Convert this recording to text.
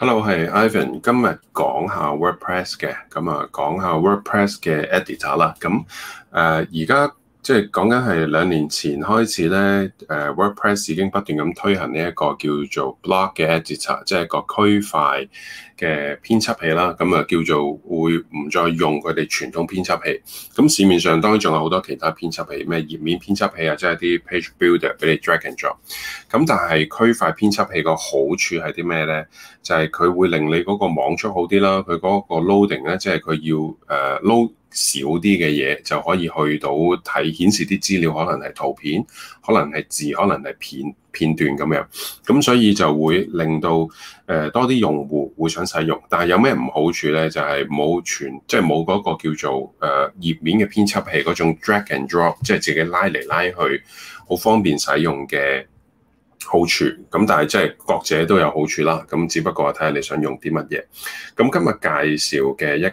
Hello，係 Ivan，今日講下 WordPress 嘅，咁啊講下 WordPress 嘅 editor 啦。咁誒而家即係講緊係兩年前開始咧，誒 WordPress 已經不斷咁推行呢一個叫做 block 嘅 editor，即係個區塊嘅編輯器啦。咁啊叫做。會唔再用佢哋傳統編輯器？咁市面上當然仲有好多其他編輯器，咩頁面編輯器啊，即係啲 page builder 俾你 drag and drop。咁但係區塊編輯器個好處係啲咩呢？就係佢會令你嗰個網速好啲啦，佢嗰個 loading 呢，即係佢要誒 load 少啲嘅嘢，就可以去到睇顯示啲資料，可能係圖片，可能係字，可能係片。片段咁樣，咁所以就會令到誒、呃、多啲用戶會想使用，但係有咩唔好處咧？就係、是、冇全，即係冇個叫做誒頁、呃、面嘅編輯器種 drag and drop，即係自己拉嚟拉去，好方便使用嘅好處。咁但係即係各者都有好處啦。咁只不過睇下你想用啲乜嘢。咁今日介紹嘅一